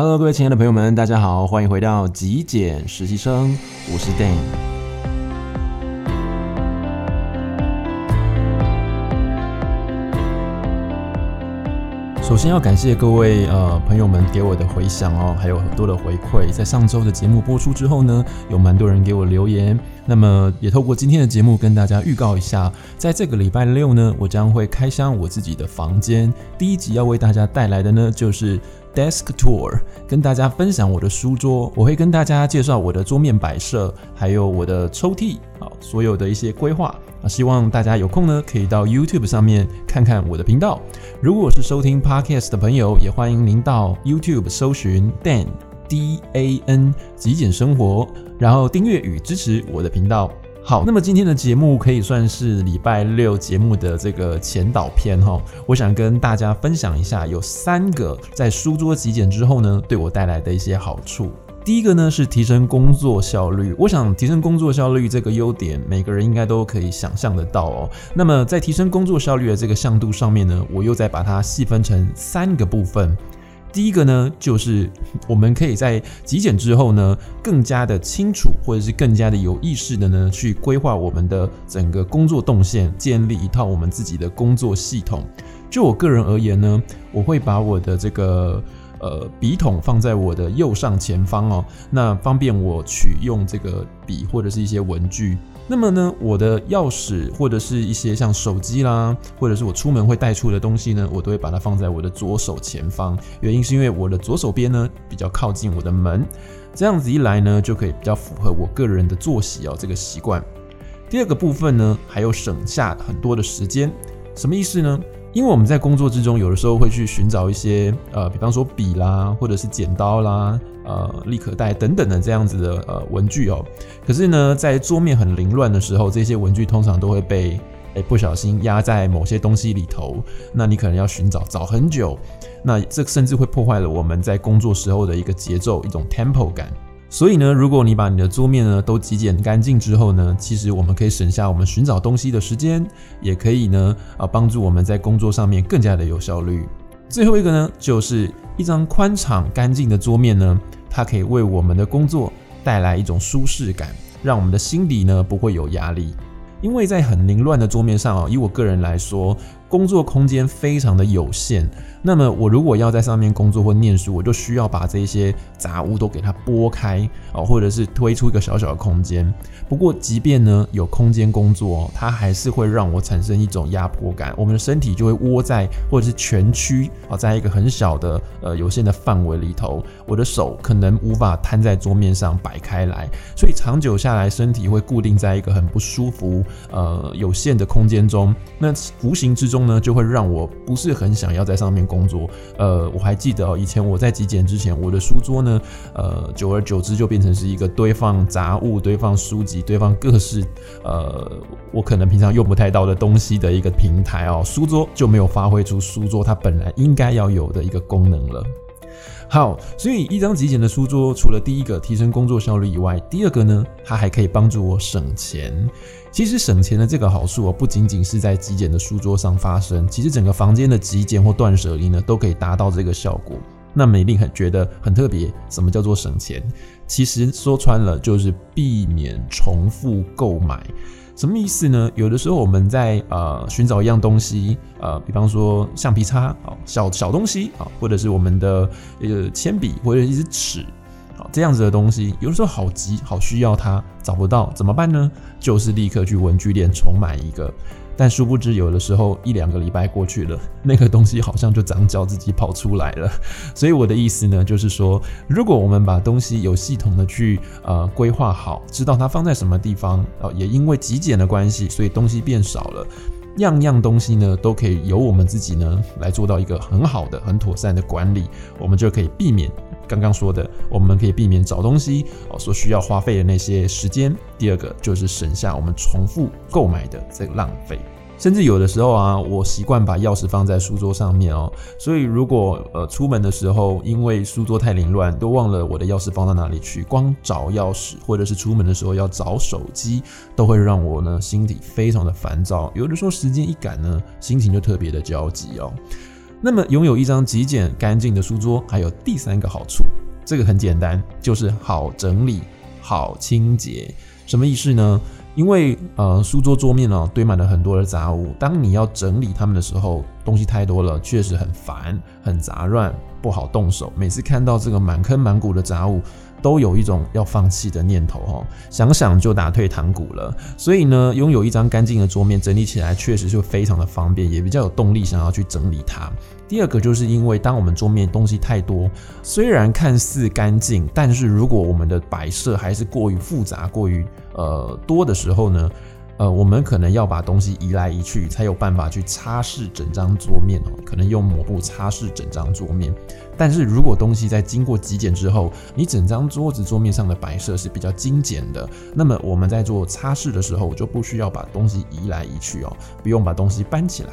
Hello，各位親愛的朋友們，大家好，歡迎回到極簡實習生，我是 Dan。首先要感謝各位呃朋友們給我的回響哦，還有很多的回饋。在上周的節目播出之後呢，有蠻多人給我留言，那麼也透過今天的節目跟大家預告一下，在這個禮拜六呢，我將會開箱我自己的房間。第一集要為大家帶來的呢，就是，Desk tour，跟大家分享我的書桌。我會跟大家介紹我的桌面擺設，還有我的抽屜，啊，所有的一些規劃。啊，希望大家有空呢，可以到 YouTube 上面看看我的頻道。如果是收聽 Podcast 的朋友，也歡迎您到 YouTube 搜尋 Dan D A N 極簡生活，然後訂閱與支持我的頻道。好，那麼今天的節目可以算是禮拜六節目的這個前導片哈、哦，我想跟大家分享一下，有三個在書桌極簡之後呢，對我帶來的一些好處。第一個呢，是提升工作效率，我想提升工作效率這個優點，每個人應該都可以想象得到哦。那麼在提升工作效率的這個向度上面呢，我又再把它細分成三個部分。第一個呢，就是我們可以在極簡之後呢，更加的清楚或者是更加的有意識的呢，去規劃我們的整個工作動線，建立一套我們自己的工作系統。就我個人而言呢，我會把我的這個呃筆筒放在我的右上前方哦，那方便我取用這個筆或者是一些文具。那麼呢，我的鑰匙或者是一些像手機啦，或者是我出門會帶出的東西呢，我都會把它放在我的左手前方。原因是因為我的左手邊呢比較靠近我的門，這樣子一來呢就可以比較符合我個人的作息哦、喔、這個習慣。第二個部分呢，還有省下很多的時間。什麼意思呢？因為我們在工作之中，有的時候會去尋找一些呃，比方說筆啦，或者是剪刀啦，呃，立可帶等等的這樣子的呃文具哦。可是呢，在桌面很凌亂的時候，這些文具通常都會被誒、呃、不小心壓在某些東西裡頭。那你可能要尋找找很久，那這甚至會破壞了我們在工作時候的一個節奏，一種 tempo 感。所以呢，如果你把你的桌面呢都極簡乾淨之後呢，其實我們可以省下我們尋找東西的時間，也可以呢啊幫助我們在工作上面更加的有效率。最後一個呢，就是一張寬敞乾淨的桌面呢，它可以為我們的工作帶來一種舒適感，讓我們的心底呢不會有壓力。因為在很凌亂的桌面上啊，以我個人來說。工作空間非常的有限，那麼我如果要在上面工作或念書，我就需要把這些雜物都給它撥開啊，或者是推出一個小小的空間。不過，即便呢有空間工作，它還是會讓我產生一種壓迫感。我們的身體就會窩在或者是蜷曲，啊，在一個很小的呃、有限的範圍裡頭，我的手可能無法攤在桌面上擺開來，所以長久下來，身體會固定在一個很不舒服、呃、有限的空間中。那無形之中。呢，就會讓我不是很想要在上面工作。呃，我還記得哦，以前我在極簡之前，我的書桌呢，呃，久而久之就變成是一個堆放雜物、堆放書籍、堆放各式，呃，我可能平常用不太到的東西的一個平台哦。書桌就沒有發揮出書桌它本來應該要有的一個功能了。好，所以一張極簡的書桌，除了第一個提升工作效率以外，第二個呢，它還可以幫助我省錢。其實省錢的這個好處，不僅僅是在極簡的書桌上發生，其實整個房間的極簡或斷舍離呢，都可以達到這個效果。那麼一定很覺得很特別，什麼叫做省錢？其實說穿了就是避免重複購買。什麼意思呢？有的時候我們在啊、呃、尋找一樣東西，呃，比方說橡皮擦，啊、哦，小小東西，啊、哦，或者是我們的一個、呃、鉛筆，或者是一支尺。這樣子的東西，有的時候好急好需要它，找不到怎麼辦呢？就是立刻去文具店重買一個。但殊不知有的時候一兩個禮拜過去了，那個東西好像就長腳自己跑出來了。所以我的意思呢，就是說，如果我們把東西有系統的去呃規劃好，知道它放在什麼地方，哦、呃，也因為極簡的關係，所以東西變少了，樣樣東西呢都可以由我們自己呢來做到一個很好的、很妥善的管理，我們就可以避免。剛剛說的，我們可以避免找東西哦，所需要花費的那些時間。第二個就是省下我們重複購買的這個浪費。甚至有的時候啊，我習慣把鑰匙放在書桌上面哦，所以如果呃出門的時候，因為書桌太凌亂，都忘了我的鑰匙放到哪裡去，光找鑰匙，或者是出門的時候要找手機，都會讓我呢心裡非常的煩躁。有的時候時間一趕呢，心情就特別的焦急哦。那麼，擁有一張極簡乾淨的書桌，還有第三個好處，這個很簡單，就是好整理、好清潔。什麼意思呢？因為呃，書桌桌面呢啊，堆滿了很多的雜物，當你要整理它們的時候，東西太多了，確實很煩、很雜亂，不好動手。每次看到這個滿坑滿谷的雜物。都有一種要放棄的念頭哦，想想就打退堂鼓了。所以呢，擁有一張乾淨的桌面，整理起來確實就非常的方便，也比較有動力想要去整理它。第二個就是因為當我們桌面東西太多，雖然看似乾淨，但是如果我們的擺設還是過於複雜、過於呃多的時候呢，呃，我們可能要把東西移來移去，才有辦法去擦拭整張桌面哦，可能用抹布擦拭整張桌面。但是如果東西在經過極簡之後，你整張桌子桌面上的擺設是比較精簡的，那麼我們在做擦拭的時候，就不需要把東西移來移去哦、喔，不用把東西搬起來，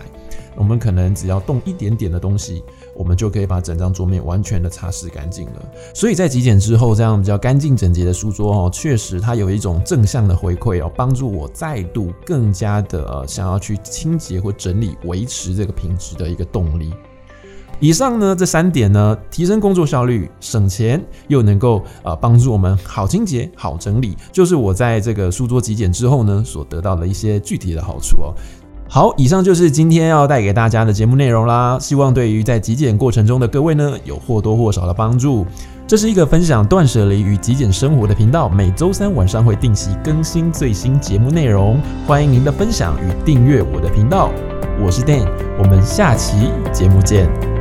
我們可能只要動一點點的東西，我們就可以把整張桌面完全的擦拭乾淨了。所以在極簡之後，這樣比較乾淨整潔的書桌哦，確實它有一種正向的回饋哦，幫助我再度更加的想、呃、要去清潔或整理、維持這個品質的一個動力。以上呢，這三點呢，提升工作效率、省錢，又能夠呃幫助我們好清潔、好整理，就是我在這個書桌極簡之後呢所得到的一些具體的好處哦。好，以上就是今天要帶給大家的節目內容啦。希望對於在極簡過程中的各位呢，有或多或少的幫助。這是一個分享斷捨離與極簡生活的頻道，每周三晚上會定期更新最新節目內容，歡迎您的分享與訂閱我的頻道。我是 Dan，我們下期節目見。